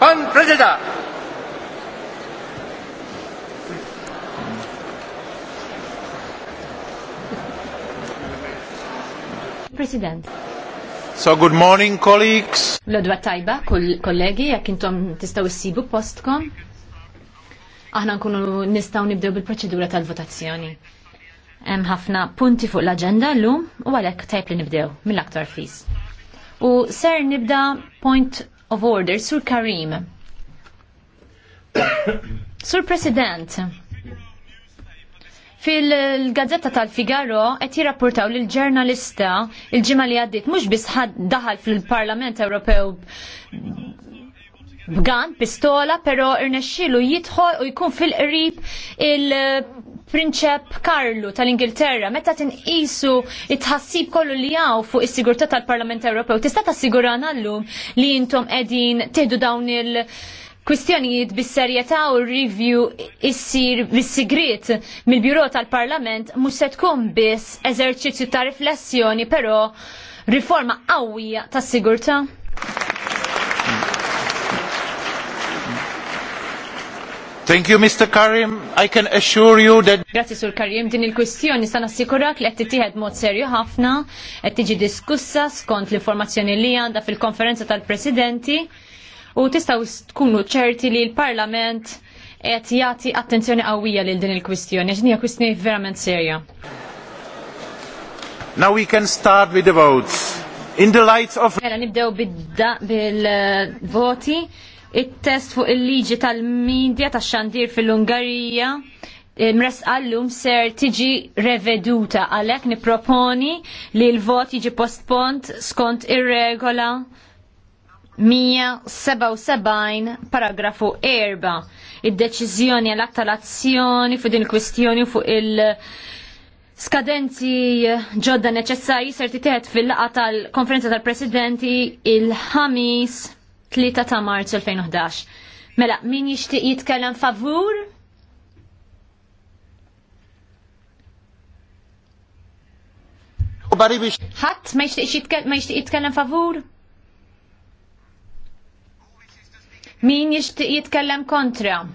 Pan Prezida! President. So good morning colleagues. Lodwa tajba, kollegi, jekk intom tistaw issibu postkom. Aħna nkunu nistaw nibdew bil-proċedura tal-votazzjoni. Hemm ħafna punti fuq l-aġenda llum u għalhekk tajb li nibdew mill-aktar fis. U ser nibda point of Order, Sur Karim. Sur President, fil-gazzetta tal-Figaro qed jirrapportaw lil ġurnalista il-ġimgħa li għaddiet mhux biss daħal fil-Parlament Ewropew b'gan, pistola, però irnexxielu jidħol u jkun fil-qrib il- Prinċep Karlu tal-Ingilterra, meta tinqisu it-ħassib kollu li jaw fuq is-sigurtà tal-Parlament Ewropew, tista' tassigurana llum li intom qegħdin teħdu dawn il- kwistjonijiet bis-serjetà u review issir bis-sigriet mill-Biro tal-Parlament mhux se tkun biss eżerċizzju ta' riflessjoni, però riforma qawwija tas-sigurtà. Thank you, Mr. Karim. I can assure you that... Grazie, Sur Karim. Din il-kwistjoni sa' nassikurak li għetti tiħed mod serju ħafna, għetti ġi diskussa skont l-informazzjoni li għanda fil-konferenza tal-presidenti u tistaw tkunu ċerti li l-parlament qed jagħti attenzjoni qawwija lil din il-kwistjoni, għax kwistjoni verament serja. Now we can start with the votes. In the lights of... Mela nibdew bil-voti it-test fuq il-liġi tal-medja tax-xandir fil-Ungarija eh, għallum ser tiġi reveduta għalek niproponi li l-vot jiġi postpont skont ir-regola 177 paragrafu 4 id-deċiżjoni għal tal-azzjoni fuq din il-kwistjoni fuq il- Skadenzi ġodda neċessarji ser titħed fil-laqa tal-konferenza tal-presidenti il-ħamis 3 ta' marzu 2011. Mela, min jixtieq jitkellem favur? Ħadd ma jixtieqx ma jixtieq jitkellem favur? Min jixtieq jitkellem kontra?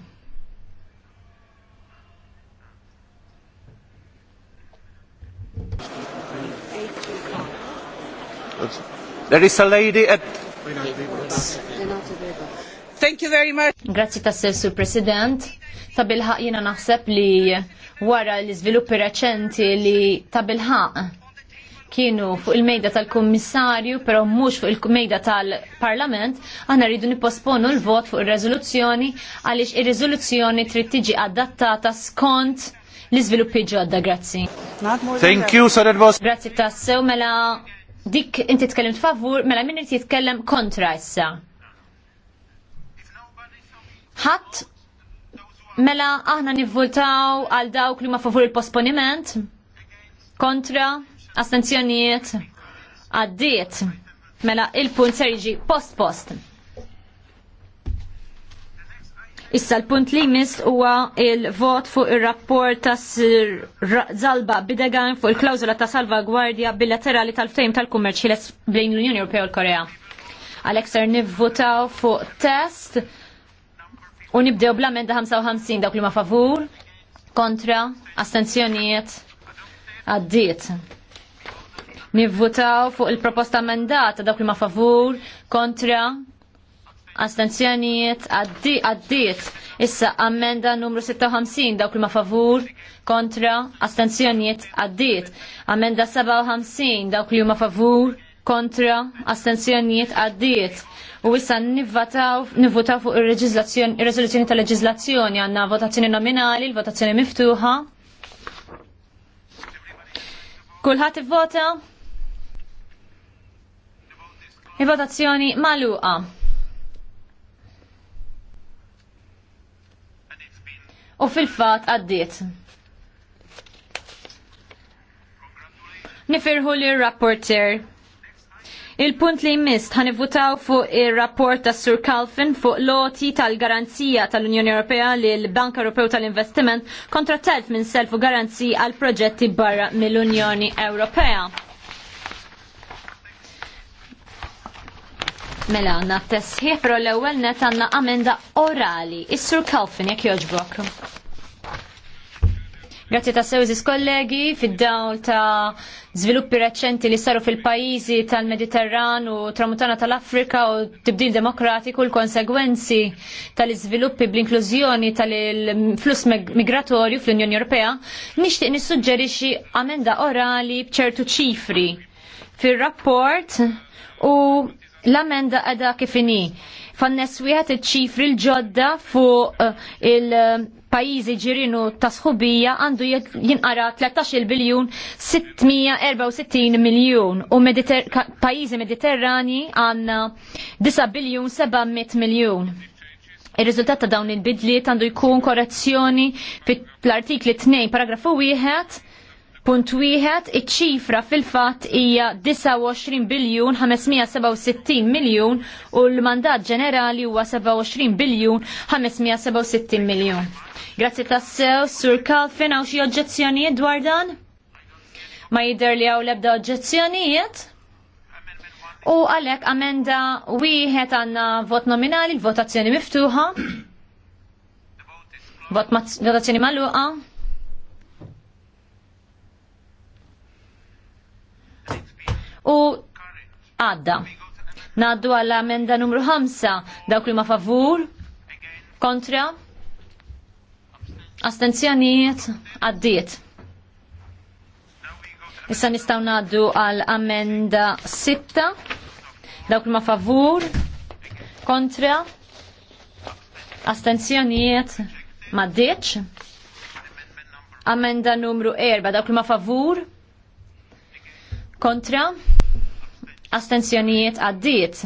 There is a lady at Wait, no, Thank you very much. Grazzi tassew, Sur President. Tabilħaq bilħaq naħseb li wara l sviluppi reċenti li tabilħaq. kienu fuq il-mejda tal-Kummissarju, però mhux fuq il-mejda tal-Parlament, aħna rridu nipposponu l-vot fuq ir-reżoluzzjoni għaliex ir-riżoluzzjoni trid tiġi adattata skont l-iżviluppi ġodda, grazzi. Thank you, Sir Grazzi tassew mela dik inti tkellem favur, mela min irid jitkellem kontra issa. Ħadd mela aħna nivvultaw għal dawk li ma favur il-posponiment kontra astenzjonijiet għaddiet mela il-punt ser jiġi post-post. Issa l-punt li jmiss huwa il-vot fuq ir-rapport ta' Sir Zalba Bidegan fuq il klawzula ta' salvagwardja bilaterali tal-ftehim tal-kummerċ bejn l-Unjoni Ewropea u l-Korea. Għalhekk ser nivvotaw fuq test u nibdew bl-amenda 55 dawk li ma favur, kontra, astenzjonijiet, għaddiet. Nivvotaw fuq il-proposta amendata dawk li ma favur, kontra, astenzjonijiet għaddiet. Issa ammenda numru 56 dawk li ma favur kontra astenzjonijiet għaddiet. Ammenda 57 dawk li ma favur kontra astenzjonijiet għaddiet. U issa nivvotaw fuq ir-reżoluzzjoni tal leġizlazzjoni għandna votazzjoni nominali, l-votazzjoni miftuħa. Kulħadd ivvota? i votazzjoni maluqa. u fil-fat għaddiet. Nifirħu li rapporter Il-punt li jmist ħan votaw fuq il-rapport ta' Sur Kalfin fuq loti tal-garanzija tal-Unjoni Ewropea li l-Bank Ewropew tal-Investiment kontra telf minn selfu garanzija għal proġetti barra mill-Unjoni Ewropea. Mela għanna t-tessħiħ, pero l-ewel net għanna amenda orali. Is-sur Kalfin, jek joġbok. Grazzi ta' sewżis kollegi fid-dawl ta' żviluppi reċenti li saru fil-pajjiżi tal-Mediterran u tramutana tal-Afrika u tibdil demokratiku l-konsegwenzi tal-iżviluppi bl-inklużjoni tal-fluss migratorju fl-Unjoni Ewropea, nixtieq nissuġġerixxi amenda orali bċertu ċifri fir-rapport u l-amenda għada kifini. Fannes wieħed iċ-ċifri l-ġodda fuq eh, il-pajizi ġirinu ta' sħubija għandu jinqara 13 biljun 664 miljun u pajizi mediterrani għanna 9 biljun 700 miljun. Ir-riżultat ta' dawn il-bidliet għandu jkun korrezzjoni fit l-artikli 2 paragrafu 1 Punt wieħed, iċ-ċifra fil-fatt hija 29 biljun 567 miljun u l-mandat ġenerali huwa 27 biljun 567 miljun. Grazzi tassew, Sur Kalfin, għaw xi oġġezzjonijiet dwar dan? Ma jidher li hawn l-ebda oġġezzjonijiet? U għalhekk amenda wieħed għandna vot nominali, l-votazzjoni miftuħa. Vot votazzjoni magħluqa. u għadda. Naddu għall amenda numru 5, dawk li ma favur, kontra, astenzjonijiet, għaddiet. Issa nistaw naddu għal amenda 6, dawk li ma favur, kontra, astenzjonijiet, ma ddiċ. Amenda numru 4, dawk li ma favur, kontra, astenzjonijiet għaddiet.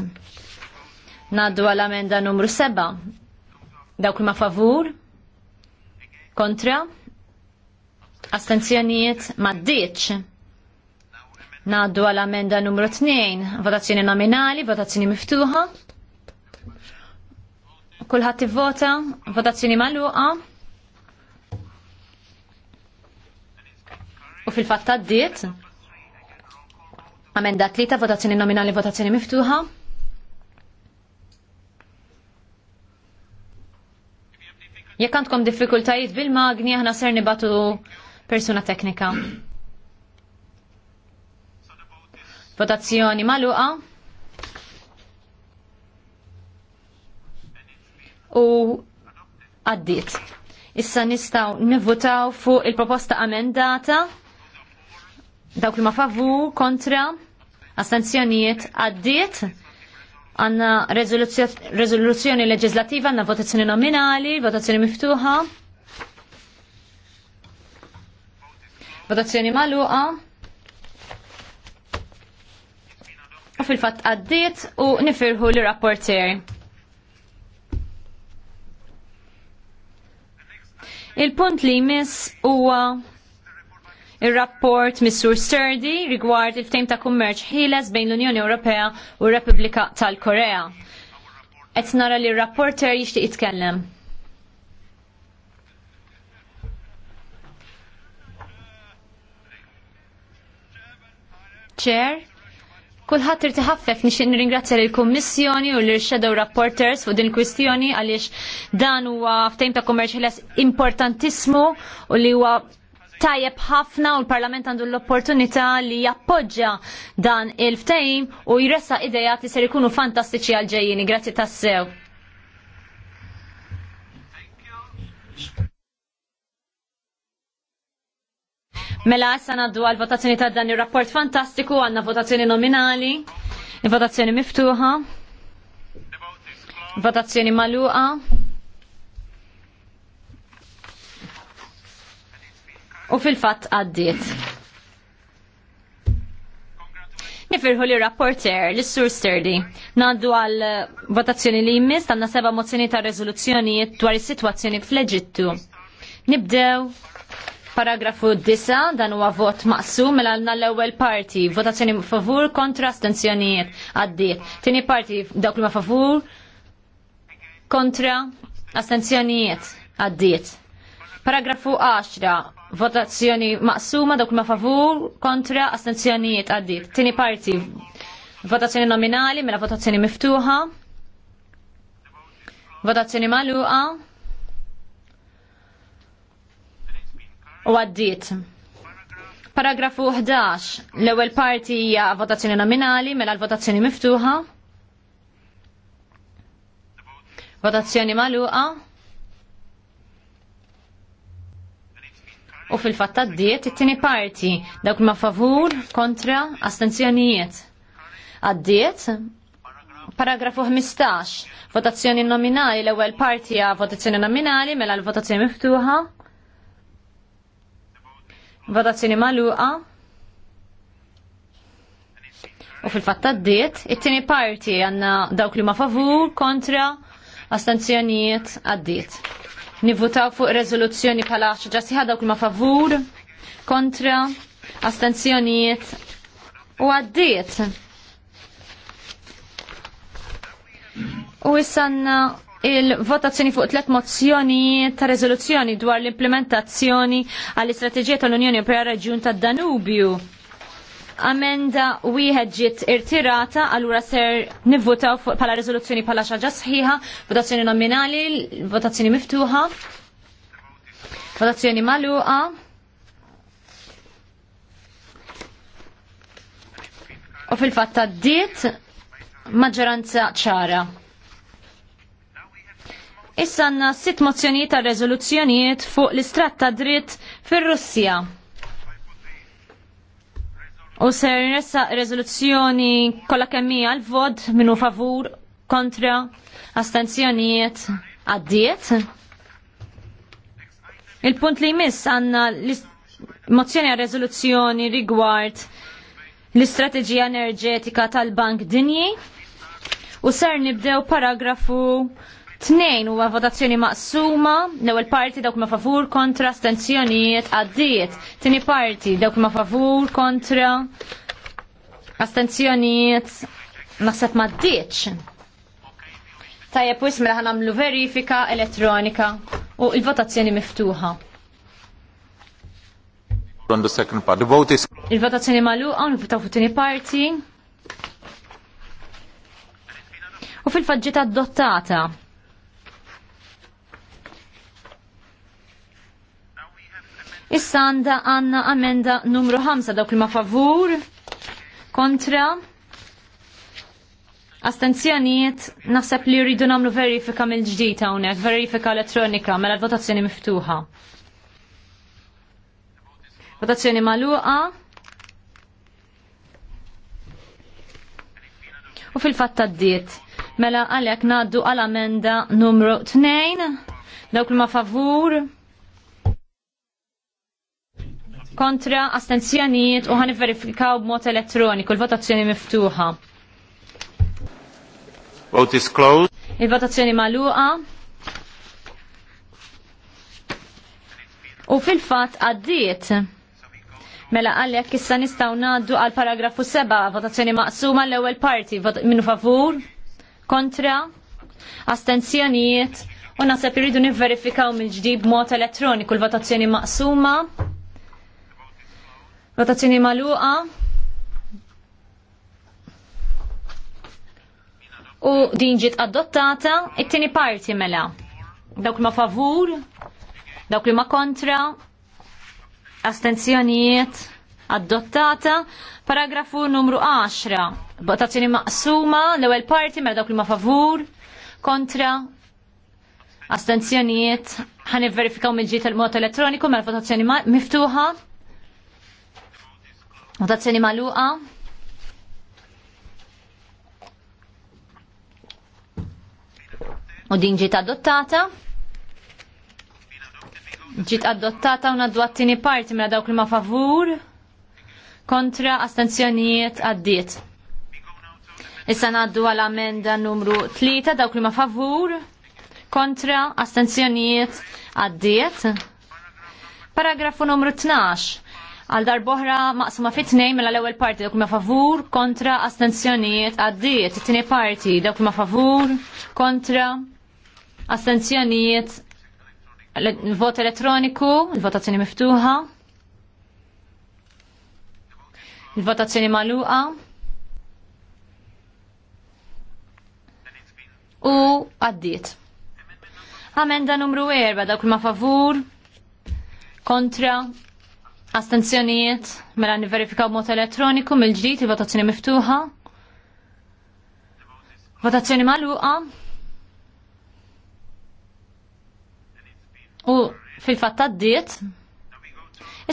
Naddu għal amenda numru 7. Dawk ma favur? Kontra? Astenzjonijiet maddiċ. Naddu għal amenda numru 2. Votazzjoni nominali, votazzjoni miftuħa. Kulħadd ivvota, votazzjoni magħluqa. U fil-fatt għaddiet. Amenda 3, votazzjoni nominali, votazzjoni miftuħa. Jekk għandkom diffikultajiet bil-magni, aħna ser nibatu persuna teknika. Votazzjoni maluqa. U għaddit. Issa nistaw nivvutaw fuq il-proposta amendata dawk li ma favur kontra astenzjonijiet għaddiet għanna rezoluzzjoni leġislativa għanna votazzjoni nominali, votazzjoni miftuħa, votazzjoni maluqa. U fil-fat għaddiet u nifirħu l-rapporter. Il-punt li jmiss huwa ir-rapport Missur Sturdy rigward il-ftejm ta' kummerċ ħieles bejn l-Unjoni Ewropea u r-Repubblika tal-Korea. Qed nara li r-rapporter jixtieq jitkellem. Chair, Kulħadd irid iħaffef nixtieq nirringrazzja lill kummissjoni u lill shadow rapporters fuq din il-kwistjoni għaliex dan huwa ftehim ta' kummerċ ħilas importantissimu u li huwa tajjeb ħafna u l-Parlament għandu l-opportunità li jappoġġja dan il-ftejm u jressa idejat li ser ikunu fantastiċi għal-ġejjini. Grazzi tassew. Mela, issa naddu għal votazzjoni ta' dan il-rapport fantastiku, għanna votazzjoni nominali, votazzjoni miftuħa, votazzjoni maluqa. u fil-fatt għaddiet. Nifirħu li rapporter li sur Sterdi naddu għal votazzjoni li jimmis tanna seba mozzjoni ta' rezoluzzjonijiet dwar is-sitwazzjoni fl-Eġittu. Nibdew paragrafu 9 dan huwa vot maqsum mela għalna l-ewwel parti votazzjoni favur kontra astenzjonijiet għaddiet. Tieni parti dawk li ma favur kontra astenzjonijiet għaddiet. Paragrafu 10. Votazzjoni maqsuma dawk ma favur kontra astenzjonijiet għaddit. Tini parti. Votazzjoni nominali mela votazzjoni miftuħa. Votazzjoni maluqa. U għaddit. Paragrafu 11. L-ewwel parti hija votazzjoni nominali mela l-votazzjoni miftuħa. Votazzjoni maluqa. u fil-fatt għaddiet it-tieni parti dawk ma favur kontra astenzjonijiet. Għaddiet paragrafu 15 votazzjoni nominali l-ewwel parti għal votazzjoni nominali mela l-votazzjoni miftuħa. Votazzjoni magħluqa. U fil-fatt għaddiet, it-tieni parti għandna dawk li ma favur kontra astenzjonijiet għaddiet nivvutaw fuq rezoluzzjoni pala ħaġa siħa dawk ma favur, kontra, astenzjoniet u għaddiet. U jissanna il-votazzjoni fuq tlet mozzjoni ta' rezoluzzjoni dwar l-implementazzjoni għall-istrateġija tal-Unjoni Europea Reġjun tad-Danubju amenda wieħed ġiet irtirata, allura ser nivvotaw pala riżoluzzjoni pala xaġa sħiħa, votazzjoni nominali, votazzjoni miftuħa, votazzjoni magħluqa. U fil-fatt għaddiet maġġoranza ċara. Issa għandna sitt mozzjonijiet ta' rezoluzzjonijiet fuq l-istrat dritt fir-Russja. U ser nessa rezoluzzjoni kolla kemmija l-vod minu favur kontra astenzjonijiet għaddiet. Il-punt li jmiss għanna mozzjoni għal rezoluzzjoni rigward l-istrateġija enerġetika tal-Bank Dinji u ser nibdew paragrafu Tnejn huwa votazzjoni maqsuma, l-ewwel parti dawk ma' favur kontra astenzjonijiet għaddiet. Tieni parti dawk ma' favur kontra astenzjonijiet naħseb ma' ddietx. Tajjeb wis mela nagħmlu verifika elettronika u l-votazzjoni miftuħa. On the second part, the vote is... Il-votazzjoni magħluqa u nifutaw tini parti. U fil-faġġita adottata. Issa sanda għanna amenda numru 5 dawk li ma favur, kontra, astenzjonijiet naħseb li rridu namlu verifika mill-ġdid hawnhekk, verifika elettronika mela l-votazzjoni miftuħa. Votazzjoni magħluqa. U fil-fatt tad-diet. Mela għalhekk ngħaddu għal amenda numru 2 dawk li ma favur, kontra astenzjonijiet u ħan verifikaw b'mod elettroniku l-votazzjoni miftuħa. Vote is closed. Il-votazzjoni maluqa. U fil-fat għaddiet. Mela għalek issa nistaw naddu għal paragrafu 7, votazzjoni maqsuma l ewwel parti, minnu favur, kontra, astenzjonijiet, u nasab irridu niverifikaw mill-ġdib mod elettroniku l-votazzjoni maqsuma. Votazzjoni maluqa. U din ġiet adottata it-tieni parti mela. Dawk ma favur, dawk li ma kontra, astenzjonijiet adottata. Paragrafu numru 10. Votazzjoni maqsuma, l-ewwel parti mela dawk li ma favur, kontra, astenzjonijiet. Ħan verifikaw mill-ġiet il-mod elettroniku mela votazzjoni miftuħa. Notazzjoni maluqa. U din ġiet adottata. Ġiet adottata u naddu għattini parti mela dawk li ma favur kontra astenzjonijiet għaddiet. Issa naddu għal amenda numru 3 dawk li ma favur kontra astenzjonijiet għaddiet. Paragrafu numru 12 għal darboħra maqsuma fit tnejn mela l-ewwel parti dawk ma favur kontra astenzjonijiet għaddiet. It-tieni parti dawk ma favur kontra astenzjonijiet vot elettroniku, il-votazzjoni miftuħa. Il-votazzjoni magħluqa. U għaddiet. Amenda numru 4 dawk ma favur kontra Astenzjonijiet, mela niverifikaw mod elettroniku mill-ġdid il-votazzjoni miftuħa. Votazzjoni magħluqa. U fil-fatt għaddiet.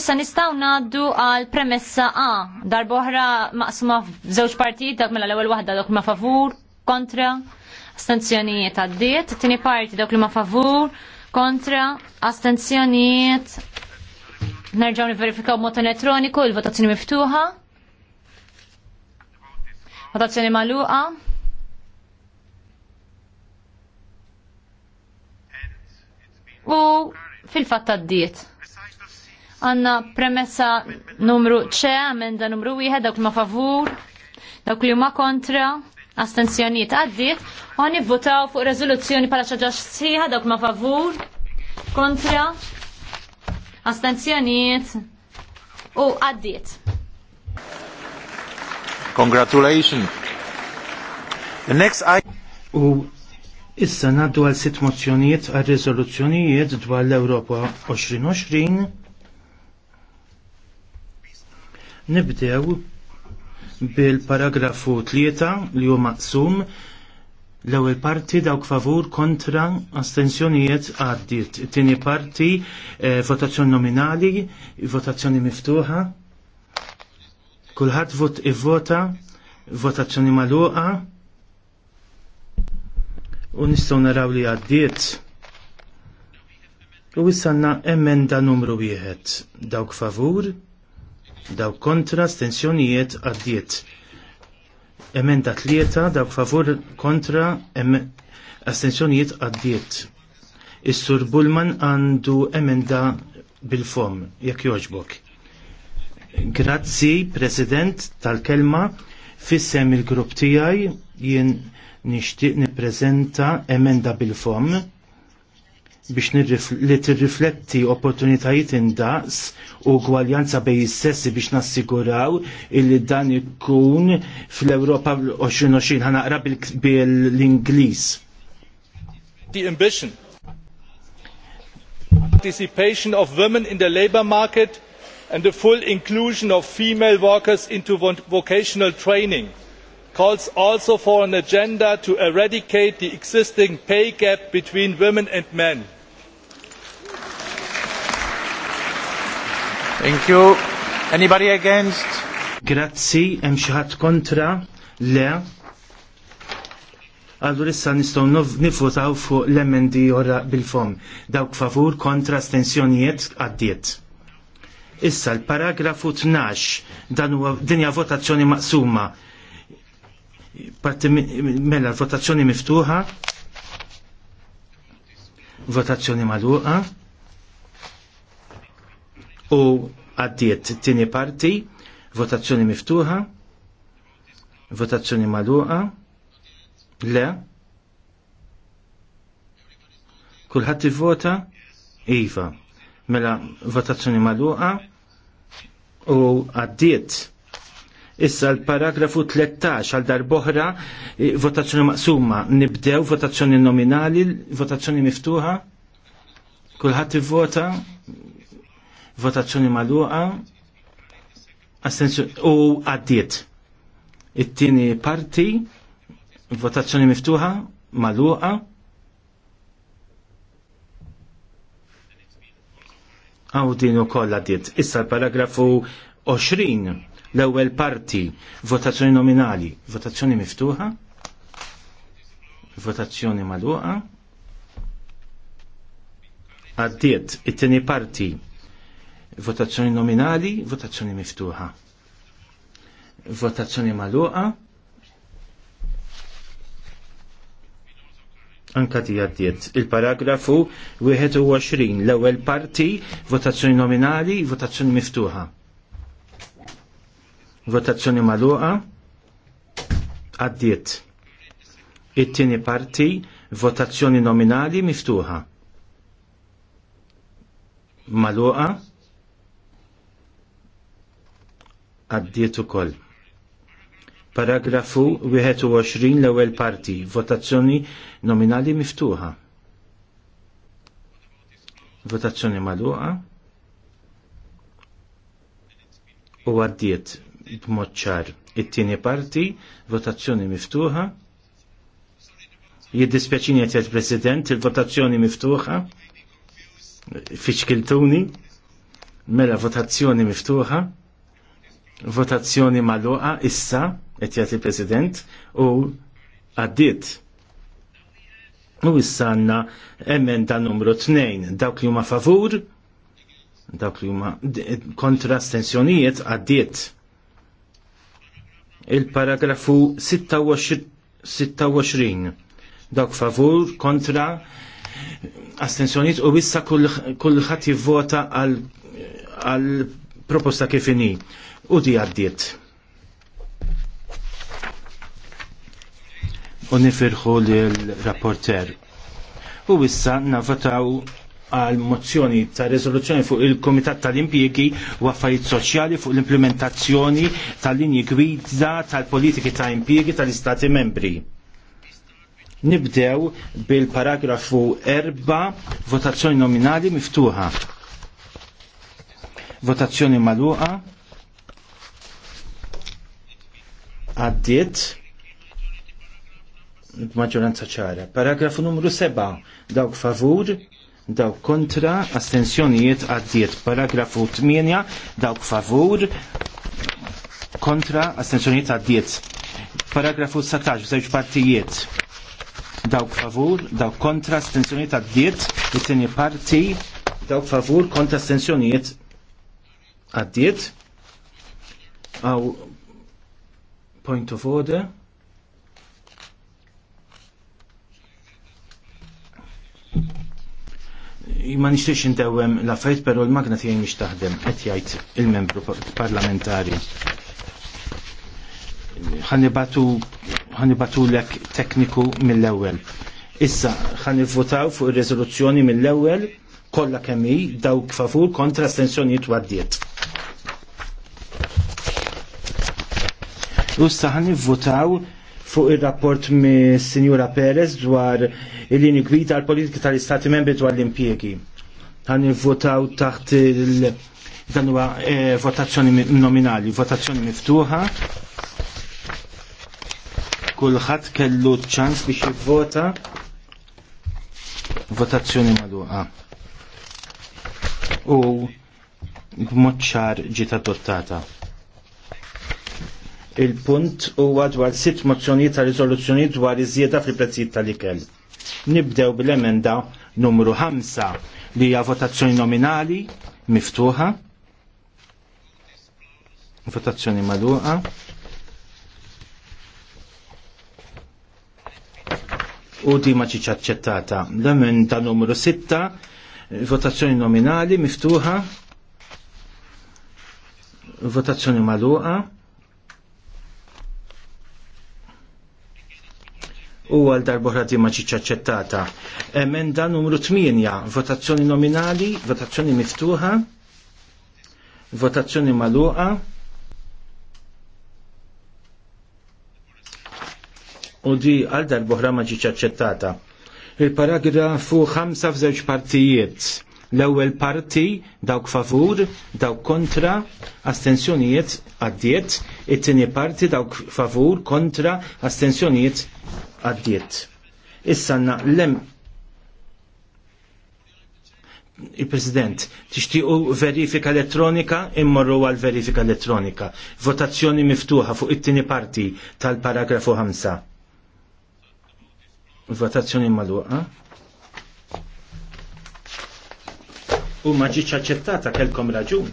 Issa nistgħu ngħaddu għal premessa A, darboħra maqsuma f'żewġ partijiet dak mela l-ewwel waħda dak ma favur, kontra, astenzjonijiet għaddiet, it-tieni parti dak li ma favur, kontra, astenzjonijiet Nerġaw niverifikaw mod elettroniku, il-votazzjoni miftuħa. Votazzjoni magħluqa. U fil-fatt għaddiet. Għanna premessa numru ċe, amenda numru wieħed, dawk ma favur, dawk li ma kontra, astenzjoniet għaddiet, u għan votaw fuq rezoluzzjoni pala ċaġa siħa, dawk ma favur, kontra, astenzjoniet u għaddiet. Congratulations. The next I U issa naddu għal sitt mozzjonijiet għal riżoluzzjonijiet dwar l-Ewropa 2020. Nibdew bil-paragrafu 3 li huwa maqsum L-ewwel parti dawk favur kontra astensjonijiet għaddiet. It-tieni parti eh, votazzjoni nominali, votazzjoni miftuħa. Kulħadd vot ivvota, votazzjoni magħluqa. U nistgħu naraw li għaddiet. U wissanna emenda numru wieħed. Dawk favur, dawk kontra astensjonijiet għaddiet. Emenda tlieta dawk favur kontra astensjonijiet għaddiet. Is-Sur Bullman għandu emenda bil-fom, jekk joġbok. Grazzi, President, tal-kelma, fissem il-grupp tijaj, jien nishtiq niprezenta emenda bil-fom biex li tirrifletti opportunitajiet indaqs u gwaljanza bej sessi biex nassiguraw illi dan ikun fl-Europa 2020 ħana qrab bil-Inglis. The ambition participation of women in the labor market and the full inclusion of female workers into vocational training calls also for an agenda to eradicate the existing pay gap between women and men. Thank you. Anybody against? Grazzi, hemm xi ħadd kontra? Le. Allura issa nistgħu nifutaw fuq l-emendi ora bil-fom. Dawk favur kontra stensjonijiet għaddiet. Issa l-paragrafu 12 dan huwa dinja votazzjoni maqsuma. Parti mela l-votazzjoni miftuħa, votazzjoni magħluqa u għaddiet tini parti, votazzjoni miftuħa, votazzjoni maluqa, le, kullħat vota iva, mela votazzjoni maluqa u għaddiet. Issa l-paragrafu 13 għal darboħra votazzjoni maqsuma, nibdew votazzjoni nominali, votazzjoni miftuħa, kullħat vota votazzjoni maluqa, u għaddiet. It-tieni parti, votazzjoni miftuħa, maluqa, għaw din u koll għaddiet. Issa l-paragrafu 20, l-ewel parti, votazzjoni nominali, votazzjoni miftuħa, votazzjoni maluqa, għaddiet, it-tini parti, Votazzjoni nominali, votazzjoni miftuħa. Votazzjoni maluqa. Anka di għaddiet. Il-paragrafu 21, l-ewwel parti, votazzjoni nominali, votazzjoni miftuħa. Votazzjoni maluqa. Għaddiet. It-tieni parti, votazzjoni nominali miftuħa. Maluqa għaddiet ukoll. Paragrafu 21 l-ewwel parti, votazzjoni nominali miftuħa. Votazzjoni magħluqa u għaddiet b'mod ċar. It-tieni parti, votazzjoni miftuħa. Jiddispjaċini qed il-President, il-votazzjoni miftuħa. Fiċkiltuni. Mela votazzjoni miftuħa. Votazzjoni maluqa issa qed jagħti President u għaddiet. U issa għandna emenda numru 2 dawk li huma favur dawk li huma kontra stensjonijiet għaddiet. Il-paragrafu 26, dawk favur kontra astensjoniet u issa kull kull jivvota għal proposta kif inhi u di għaddiet. U nifirħu l-rapporter. U issa nafataw għal mozzjoni ta' rezoluzzjoni fuq il-Komitat tal-Impjegi u affarijiet soċjali fuq l-implementazzjoni tal-linji gwida tal-politiki ta' impjegi tal-Istati membri. Nibdew bil-paragrafu 4, votazzjoni nominali miftuħa. Votazzjoni maluqa. għaddiet b'maġġoranza ċara. Paragrafu numru 7, dawk favur, dawk kontra, astensjonijiet għaddiet. Paragrafu 8, dawk favur, kontra, astensjonijiet għaddiet. Paragrafu 17, żewġ partijiet. Dawk favur, dawk kontra, astensjonijiet għaddiet. It-tieni parti, dawk favur, kontra, astensjonijiet għaddiet għaw Point of order. ma nixtiex intewem l-affarijiet però l-magna tiegħi mhix taħdem qed jgħid il-membru parlamentari. Ħanibatu lek tekniku mill-ewwel. Issa ħanivvotaw fuq ir-riżoluzzjoni mill-ewwel kollha kemm hi dawk favur kontra astensjonijiet għaddiet. U saħan votaw fuq il-rapport mi Sinjura Perez dwar il-lini gwida għal-politika tal-Istati membri dwar l impiegi Għan votaw taħt il- dan huwa eh, votazzjoni nominali, votazzjoni miftuħa. Kulħadd kellu ċans biex jivvota. Votazzjoni magħluqa. U b'mod ċar ġiet adottata il-punt huwa dwar sitt mozzjonijiet ta' riżoluzzjoni dwar iż-żieda fil-prezzijiet tal-ikel. Nibdew bil-emenda numru 5 li hija votazzjoni nominali miftuħa. Votazzjoni magħluqa. U di ma ċiċ aċċettata. L-emenda numru 6, votazzjoni nominali miftuħa. Votazzjoni magħluqa. u għal darbohrati ma ċiċ aċċettata. Emenda numru 8, votazzjoni nominali, votazzjoni miftuħa, votazzjoni maluqa. U di għal darbohra ma ċiċ aċċettata. Il-paragrafu 5 f'żewġ partijiet. L-ewwel parti dawk favur, dawk kontra, astensjonijiet għaddiet, it-tieni parti dawk favur, kontra, astensjonijiet għaddiet. Issa naqlem il-President, tixtiqu verifika elettronika, immorru għal verifika elettronika. Votazzjoni miftuħa fuq it-tini parti tal-paragrafu 5. Votazzjoni maluqa. U maġiċ aċċettata kelkom raġun.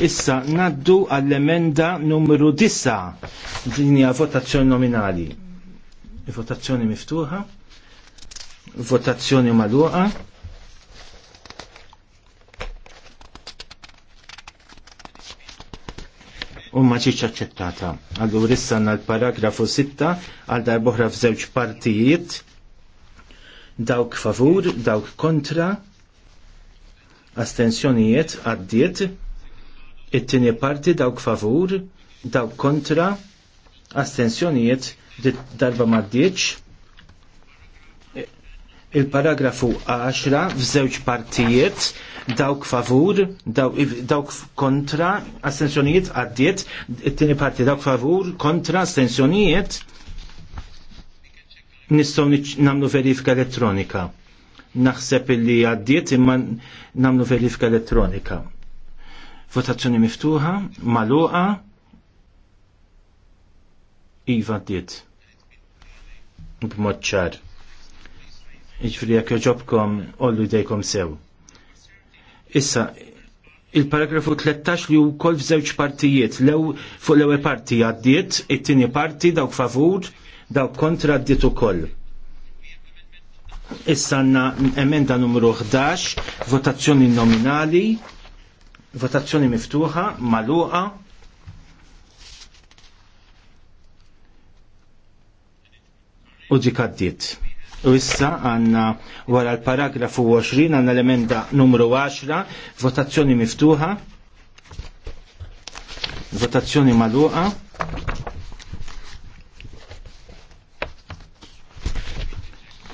Issa naddu għall-emenda numru 9. Din hija votazzjoni nominali. Votazzjoni miftuħa. Votazzjoni magħluqa. u ma ċiċ aċċettata. Allura issa għandna l-paragrafu 6 għal darboħra f'żewġ partijiet dawk favur, dawk kontra, astensjonijiet għaddiet. It-tieni parti dawk favur, dawk kontra, astensjonijiet darba maddieċ. Il-paragrafu 10 f'żewġ partijiet dawk favur, dawk, dawk kontra, astensjonijiet għaddiet, it-tieni parti dawk favur, kontra, astensjonijiet nistgħu namlu verifika elettronika. Naħseb illi għaddiet imma namlu verifika elettronika. Votazzjoni miftuħa, maluqa, iva diet. B'mod ċar. Iġfri jekk joġobkom ollu jdejkom sew. Issa, il-paragrafu 13 li u kol f'żewġ partijiet, lew fuq l-ewwel parti għaddiet, it-tieni parti dawk favur, dawk kontra għaddiet ukoll. Issa għandna emenda numru 11, votazzjoni nominali, Votazzjoni miftuħa, maluqa. U ġikaddit. U issa għanna wara l-paragrafu 20 għanna l-emenda numru 10, votazzjoni miftuħa, votazzjoni maluqa.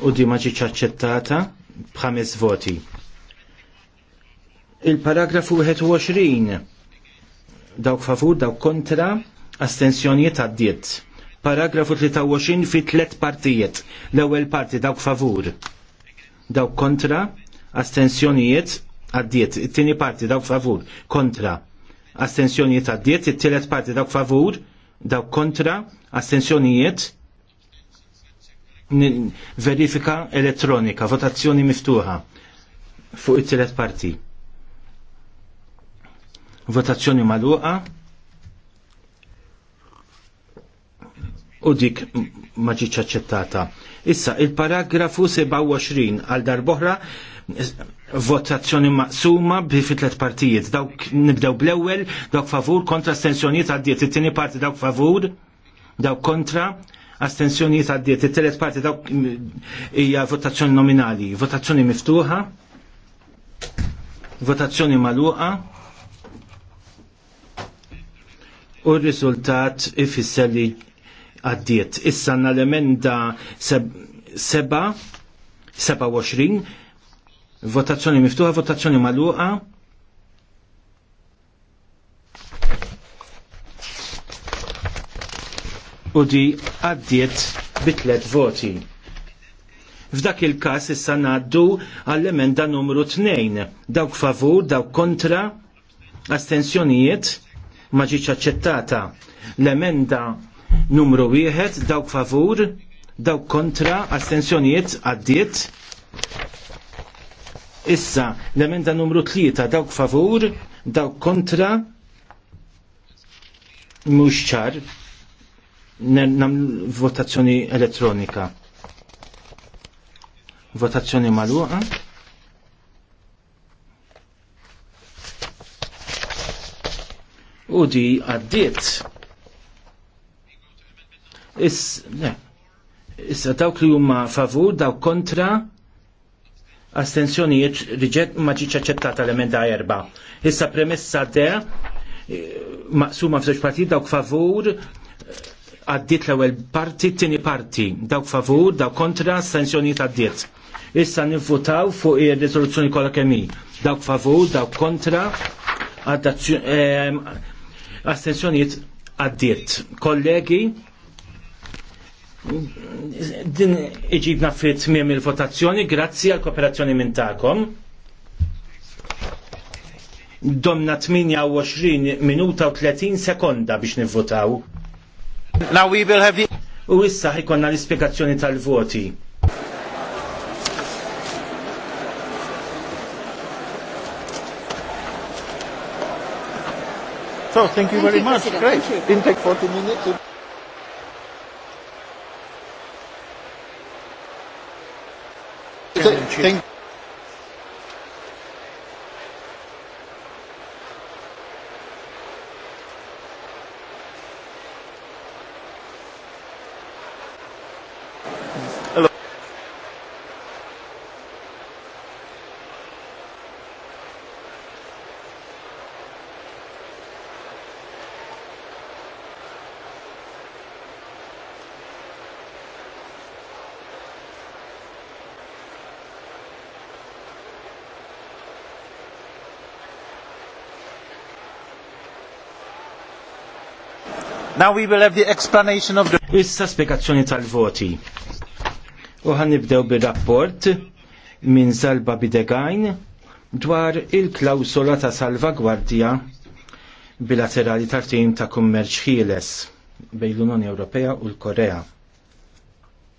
U di maġiċ aċċettata b'ħames voti. Il-paragrafu 21 dawk favur, dawk kontra, astensjoniet għaddiet. Paragrafu 23 fi tlet partijiet. L-ewwel parti dawk favur, dawk kontra, astensjoniet għaddiet. It-tieni parti dawk favur, kontra, astensjoniet għaddiet. It-tielet parti dawk favur, dawk kontra, astensjoniet verifika elettronika, votazzjoni miftuħa fuq it-tielet parti. Votazzjoni maluqa. U dik ma ġietx aċċettata. Issa, il-paragrafu 27 għal darboħra votazzjoni maqsuma bi fitlet partijiet. Dawk nibdew bl-ewwel, dawk favur, kontra astensjonijiet għaddiet, it-tieni parti dawk favur, dawk kontra, astensjonijiet għaddiet, it telet parti dawk mm, hija votazzjoni nominali, votazzjoni miftuħa, votazzjoni magħluqa. u r-riżultat ifisser li għaddiet. Issa għandna l-emenda 27 votazzjoni miftuħa, votazzjoni magħluqa. u di għaddiet bitlet voti. F'dak il-kas issa ngħaddu għall-emenda numru 2. Dawk favur, dawk kontra, astensjonijiet, ma ġiċ aċċettata. L-emenda numru wieħed dawk favur, dawk kontra, astensjonijiet għaddiet. Issa, l-emenda numru tlieta dawk favur, dawk kontra, mhux ċar, nam votazzjoni elettronika. Votazzjoni magħluqa. u di għaddiet. Issa dawk li huma favur, dawk kontra, astensjonijiet riġet ma ġiċ aċċettata l-emenda erba. Issa premessa de maqsuma f'żewġ parti, dawk favur għaddiet l-ewwel parti, t tini parti, dawk favur, dawk kontra, astensjonijiet għaddit. Issa nivvotaw fuq ir-riżoluzzjoni kollha kemm dawk favur, dawk kontra, ehm, astenzjonijiet għaddiet. Kollegi, din iġibna fit tmiem il-votazzjoni, grazzi għal kooperazzjoni minn ta'kom. Domna 28 minuta u 30 sekonda biex nivvotaw. Now we will have the... U issa ħikonna l-ispiegazzjoni tal-voti. So, thank you very much. Great. Didn't take 40 minutes. Thank you. Now we will have the explanation of the... Issa spiegazzjoni tal-voti. U nibdew bil-rapport minn Zalba Bidegajn dwar il-klausola ta' salvagwardja bilaterali tal-tim ta' kummerċ ħieles bejn l-Unjoni Ewropea u l-Korea.